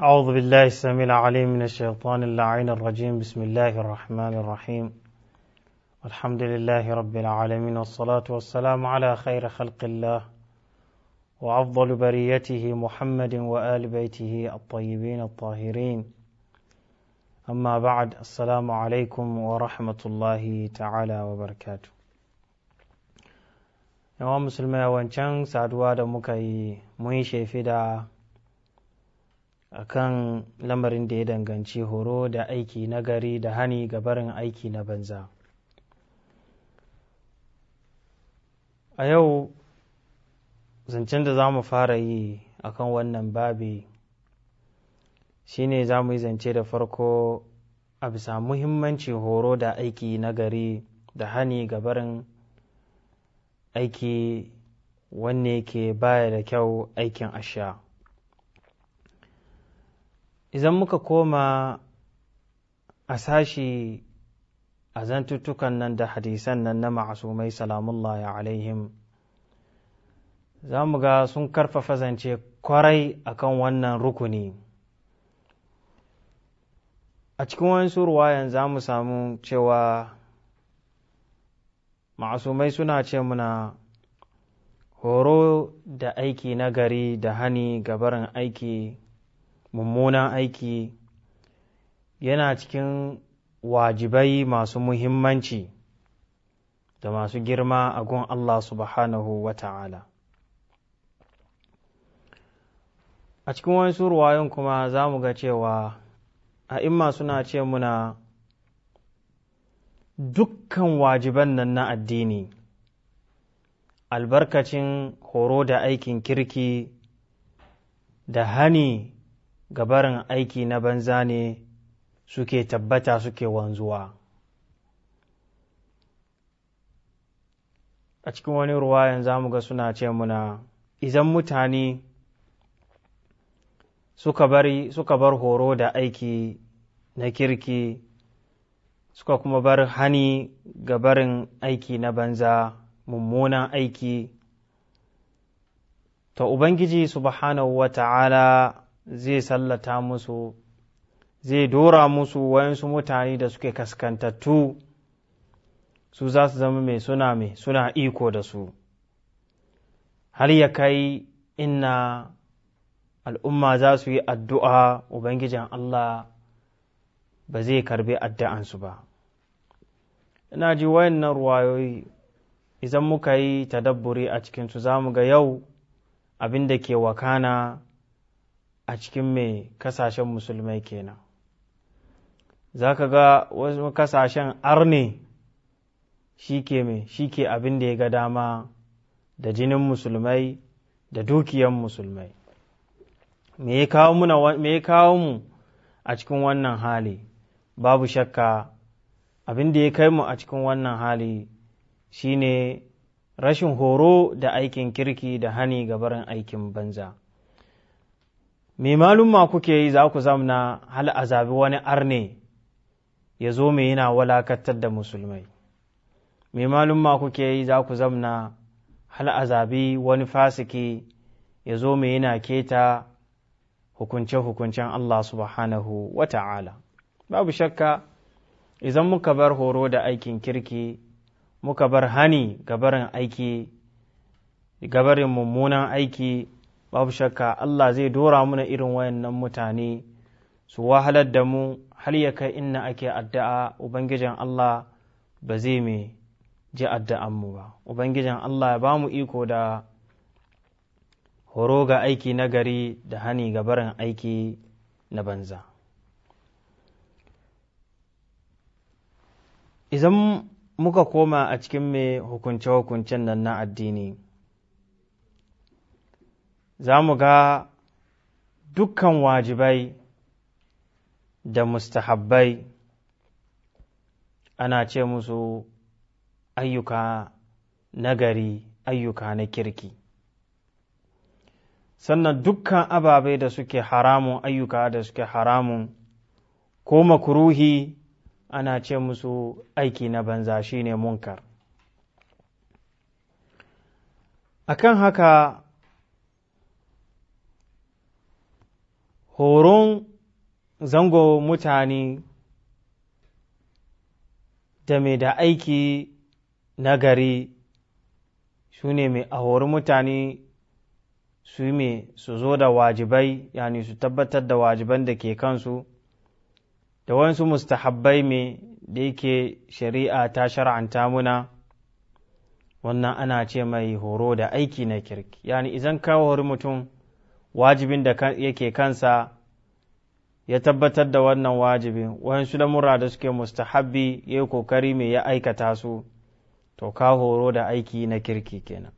أعوذ بالله السميع العليم من الشيطان اللعين الرجيم بسم الله الرحمن الرحيم الحمد لله رب العالمين والصلاة والسلام على خير خلق الله وأفضل بريته محمد وآل بيته الطيبين الطاهرين أما بعد السلام عليكم ورحمة الله تعالى وبركاته yawan musulmai wancan saduwa da muka yi mun shefi da akan lamarin da ya danganci horo da aiki na gari da hani ga barin aiki na banza a yau zancen da za mu fara yi akan wannan babi shine za mu yi zance da farko a bisa muhimmanci horo da aiki na gari da hani ga barin aiki wanne ke baya da kyau aikin asha idan muka koma a sashi a zantuttukan nan da hadisan nan na ma'asumai salamullahi alaihim za mu ga sun karfafa zance kwarai akan wannan rukuni a cikin wasu ruwayan za mu samu cewa ma'asumai suna ce muna horo da aiki na gari da hani gabarin aiki mummunan aiki yana cikin wajibai masu muhimmanci da masu girma a gun Allah subhanahu wa ta'ala. A cikin wasu surwayon kuma za mu ga cewa a imma suna ce muna dukkan wajiban nan na addini, albarkacin horo da aikin kirki da hani gabarin aiki na banza ne suke tabbata suke wanzuwa a cikin wani ruwayan za mu ga suna ce muna izan mutane suka suka bar horo da aiki na kirki suka kuma bar hani gabarin aiki na banza mummunan aiki ta ubangiji subhanahu wa ta'ala zai sallata musu zai dora musu wayansu mutane da suke kaskantattu su za su zama mai suna mai suna iko da su har ya kai inna al'umma za su yi addu'a ubangijin Allah ba zai karbi addu'ansu ba ina ji wayannan ruwayoyi idan muka yi tadabburi a cikinsu za mu ga yau abin da ke wakana a cikin mai kasashen musulmai kenan za ka ga wasu kasashen arne shi ke mai shi ke abin da ya ga dama da jinin musulmai da dukiyan musulmai me ya kawo mu a cikin wannan hali babu shakka abin da ya kai mu a cikin wannan hali shine rashin horo da aikin kirki da hani ga barin aikin banza me malumma kuke yi za ku zamna hal azabi wani arne ya zo mai yana walakantar da musulmai me malumma kuke yi za ku zamna hal azabi wani fasiki ya zo mai yana keta hukunce-hukuncen Allah subhanahu wa ta'ala babu shakka idan muka bar horo da aikin kirki muka bar hani gabarin aiki gabarin mummunan aiki babu shakka Allah zai dora muna irin wayannan mutane su wahalar da mu har ya kai inna ake addu'a ubangijin Allah ba zai mai ji addu'an mu ba ubangijin Allah ya ba mu iko da horo ga aiki na gari da hani ga barin aiki na banza idan muka koma a cikin mai hukunce-hukuncen nan na addini za mu ga dukkan wajibai da mustahabbai ana ce musu ayyuka nagari ayyuka na kirki sannan dukkan ababai da suke haramun ayyuka da suke haramun ko makuruhi ana ce musu aiki na banza shine munkar akan haka horon zango mutane da mai da aiki na gari su ne mai a hori mutane su mai su zo da wajibai yani su tabbatar da wajiban da ke kansu da wasu mustahabbai mai da yake shari'a ta shar'anta muna wannan ana ce mai horo da aiki na kirki yani izan ka hori mutum wajibin da yake kansa ya tabbatar da wannan wajibin wayansu lamura da suke mustahabbi ya yi kokari mai ya aikata su to ka horo da aiki na kirki kenan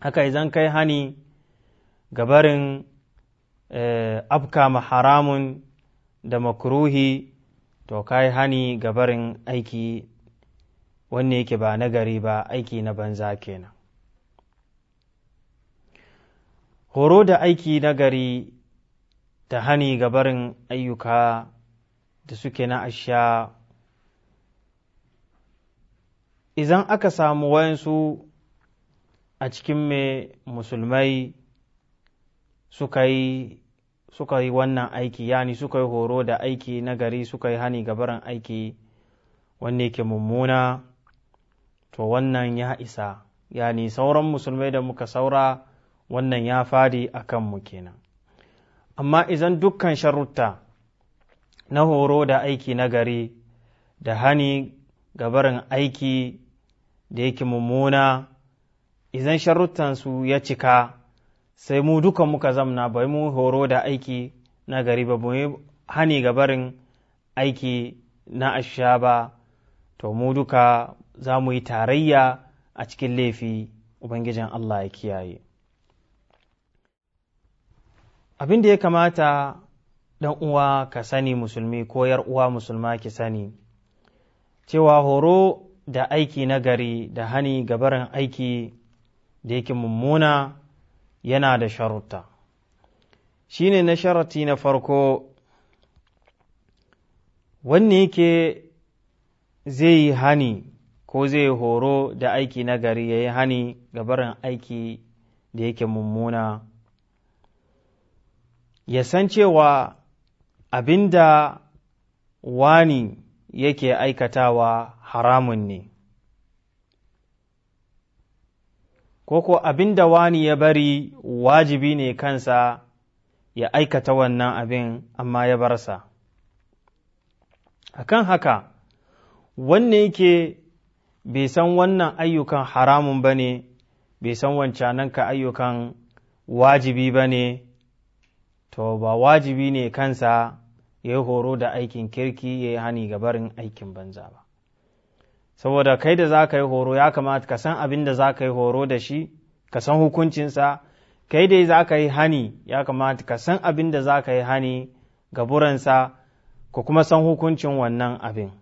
haka idan kai hani gabarin eh, afka haramun da makruhi to yi hani gabarin aiki wanne yake ba nagari ba aiki na banza kenan horo da aiki nagari da hani ga ayyuka da suke na asha idan aka samu wayansu a cikin mai musulmai suka yi suka yi wannan aiki yani suka yi horo da aiki na gari suka yi hani ga aiki wanne ke mummuna to wannan ya isa yani sauran musulmai da muka saura wannan ya fadi a kanmu kenan amma izan dukkan sharutta na horo da aiki na gari da hani gabarin aiki da yake mummuna izan sharuttansu ya cika sai mu dukan muka zamna bai mu horo da aiki na gari ba mu hani gabarin aiki na asha ba to mu duka za mu yi tarayya a cikin laifi ubangijin Allah ya kiyaye. abin da ya kamata ɗan uwa ka sani musulmi ko yar uwa musulma ki sani cewa horo da aiki na gari da hani ga aiki da yake mummuna yana da sharuta shine na sharati na farko wanne yake zai yi hani ko zai horo da aiki na gari ya yi hani ga aiki da yake mummuna ya san cewa abin da wani yake aikatawa haramun ne koko abin da wani ya bari wajibi ne kansa ya aikata wannan abin amma ya barsa kan haka wanne yake bai san wannan ayyukan haramun ba ne bai san wancanan ka ayyukan wajibi ba ne to ba wajibi ne kansa ya yi horo da aikin kirki ya yi hani ga barin aikin banza ba saboda kai da za ka yi horo ya kamata ka san abin da za ka yi horo da shi ka san hukuncinsa kai dai za ka yi hani ya kamata ka san abin da za ka yi hani ga buransa ku kuma san hukuncin wannan abin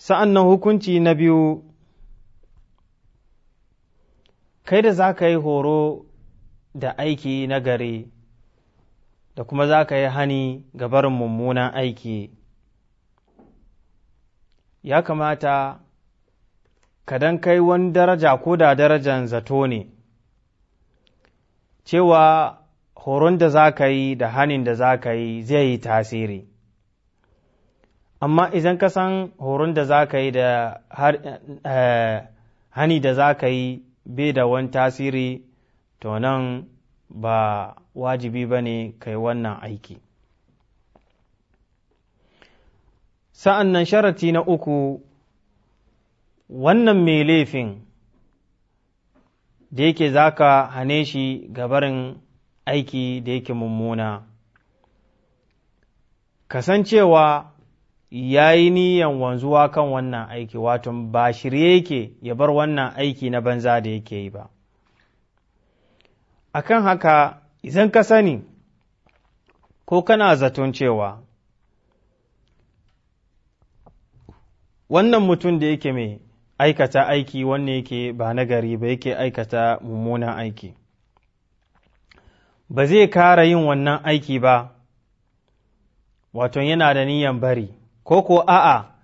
sa'an nan hukunci na biyu kai da za ka yi horo da aiki na gare da kuma za ka yi hani ga barin mummunan aiki ya kamata ka dan kai wani daraja ko da darajan zato ne cewa horon da za ka yi da hanin da za ka yi zai yi tasiri amma idan ka san horon da za ka yi da eh, hani da za ka yi bai da wani tasiri to nan ba wajibi ba ne kai wannan aiki sa'an nan sharati na uku wannan mai laifin da yake za ka hane shi gabarin aiki da yake mummuna kasancewa ya yi niyan wanzuwa kan wannan aiki wato ba shirye yake ya bar wannan aiki na banza da yake yi ba A kan haka idan ka sani ko kana zaton cewa wannan mutum da yake mai aikata aiki wanne yake ba nagari ba yake aikata mummunan aiki ba zai kara yin wannan aiki ba wato yana da niyan bari ko ko a'a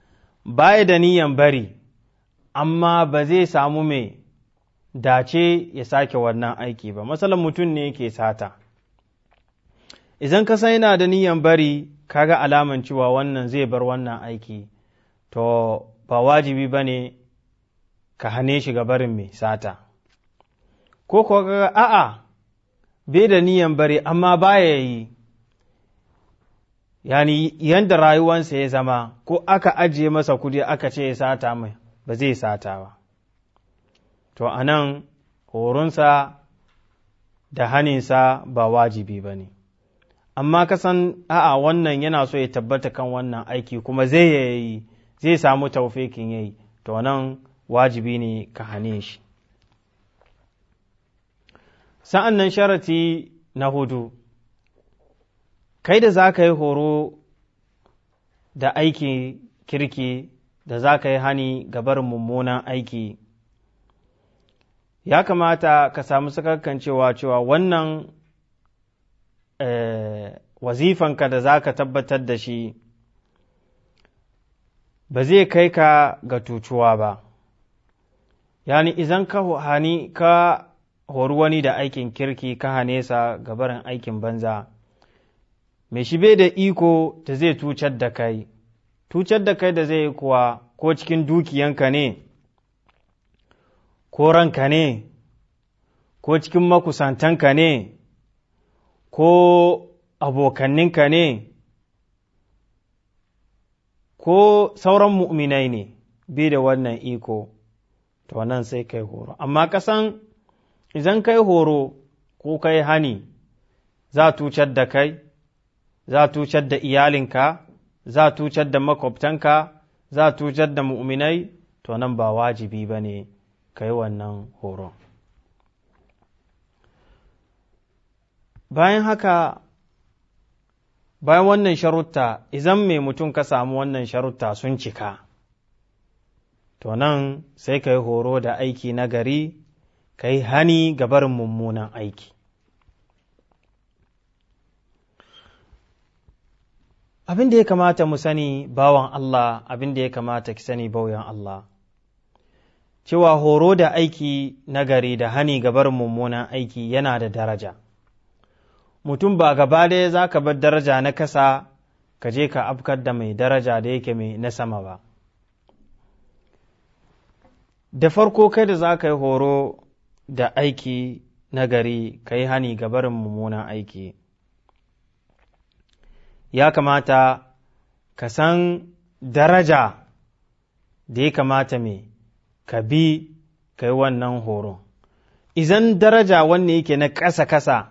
baya da niyan bari amma ba zai samu mai dace ya sake wannan aiki ba matsalan mutum ne ke sata idan ka san yana da niyan bari kaga alaman cewa wannan zai bar wannan aiki to ba wajibi ba ne ka hane shi ga barin mai sata ko kuwa kaga a'a bai da niyan bari amma baya yi yani yadda rayuwansa ya zama ko aka ajiye masa kudi aka ce ya sata mai ba zai sata ba to a nan horonsa da haninsa ba wajibi ba ne amma kasan a'a wannan yana so ya tabbata kan wannan aiki kuma zai yayi zai samu taufikin yayi to nan wajibi ne ka hane shi sa'an nan sharati na hudu kai da za ka yi horo da aiki kirki da za ka yi hani gabar mummunan aiki ya kamata ka samu sakakkan cewa cewa wannan eh, wazifanka da za ka tabbatar da shi ba zai kai ka ga tucuwa ba yani izan ka hani ka hori wani da aikin kirki ka hane sa ga barin aikin banza mai shi bai da iko da zai tucar da kai tucar da kai da zai yi kuwa ko cikin dukiyanka ne ko ranka ne ko cikin makusantanka ne ko abokanninka ne ko sauran mu'minai ne bi da wannan iko to nan sai kai horo amma kasan idan kai horo ko kai hani za tucar da kai za tucar da iyalinka za tucar da makwabtanka za tucar da mu'minai to nan ba wajibi ba ne ka yi wannan horon bayan haka bayan wannan sharutta idan mai mutum ka samu wannan sharutta sun cika to nan sai ka yi horo da aiki na gari ka yi hani ga barin mummunan aiki abin da ya kamata mu sani bawan Allah abin da ya kamata ki sani bauyan Allah cewa horo da aiki nagari da hani gabar mummunan aiki yana da daraja mutum ba gaba ɗaya za ka bar daraja na kasa ka je ka afkar da mai daraja da yake mai na sama ba da farko kai da za ka yi horo da aiki nagari ka yi hani ga mummunan aiki ya kamata ka san daraja da ya kamata mai ka bi ka yi wannan horo izan daraja wanne yake na ƙasa kasa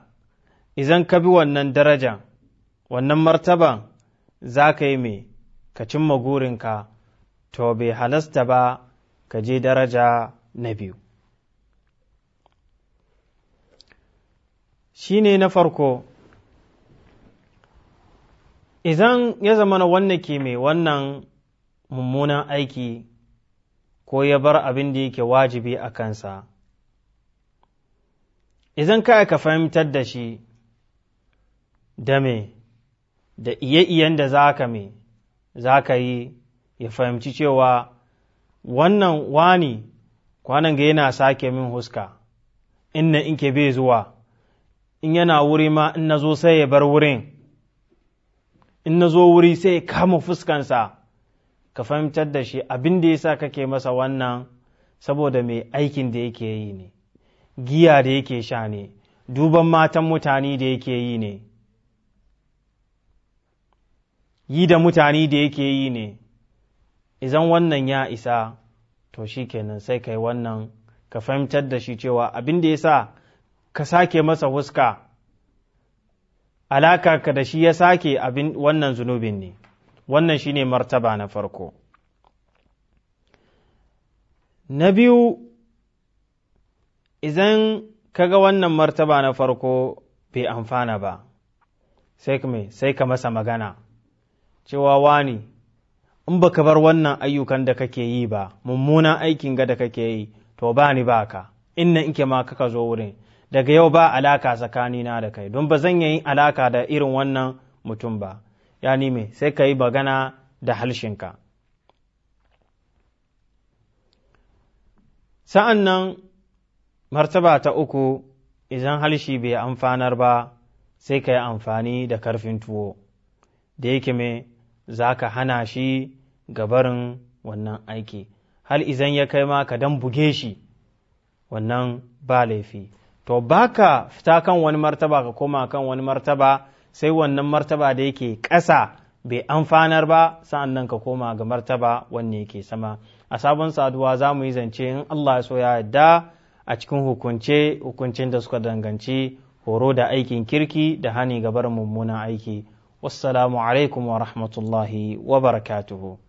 izan ka bi wannan daraja wannan martaba za ka yi mai ka cimma gurinka to bai halasta ba ka je daraja na biyu shi ne na farko izan ya zama na wannan ke mai wannan mummunan aiki ko ya bar abin da yake wajibi a kansa idan ka ka fahimtar da shi da me da iye-iyen da za ka me za ka yi ya fahimci cewa wannan wani kwanan ga yana sake min huska inna in ke bai zuwa in yana wuri ma in na zo sai ya bar wurin in na zo wuri sai ya kama fuskansa ka fahimtar da shi abin da yasa kake masa wannan saboda mai aikin da yake yi ne giya da yake sha ne duban matan mutane da yake yi ne yi da mutane da yake yi ne Izan wannan ya isa to shi kenan sai kai wannan ka fahimtar da shi cewa abin da ya sa ka sake masa huska alaka ka da shi ya sake abin wannan zunubin ne wannan shine martaba na farko na biyu idan kaga wannan martaba na farko bai amfana ba sai sai ka masa magana cewa wani in baka bar wannan ayyukan da kake yi ba mummunan aikin ga da kake yi to ba ni ka inna inke ma kaka zo wurin daga yau ba alaka tsakanina da kai don ba zan yi alaka da irin wannan mutum ba ya me sai ka yi magana da halshinka sa'an nan martaba ta uku idan halshi bai amfanar ba sai ka yi amfani da karfin tuwo da yake me za ka hana shi gabarin wannan aiki hal izan ya kai ma ka dan buge shi wannan ba laifi to ba ka fita kan wani martaba ka koma kan wani martaba sai wannan martaba da yake ƙasa bai amfanar ba sa'an nan ka koma ga martaba wanne yake sama a sabon saduwa za mu yi zance in Allah so ya yadda a cikin hukunce hukuncin da suka danganci horo da aikin kirki da hani gabar mummunan aiki wassalamu alaikum wa rahmatullahi wa barakatuhu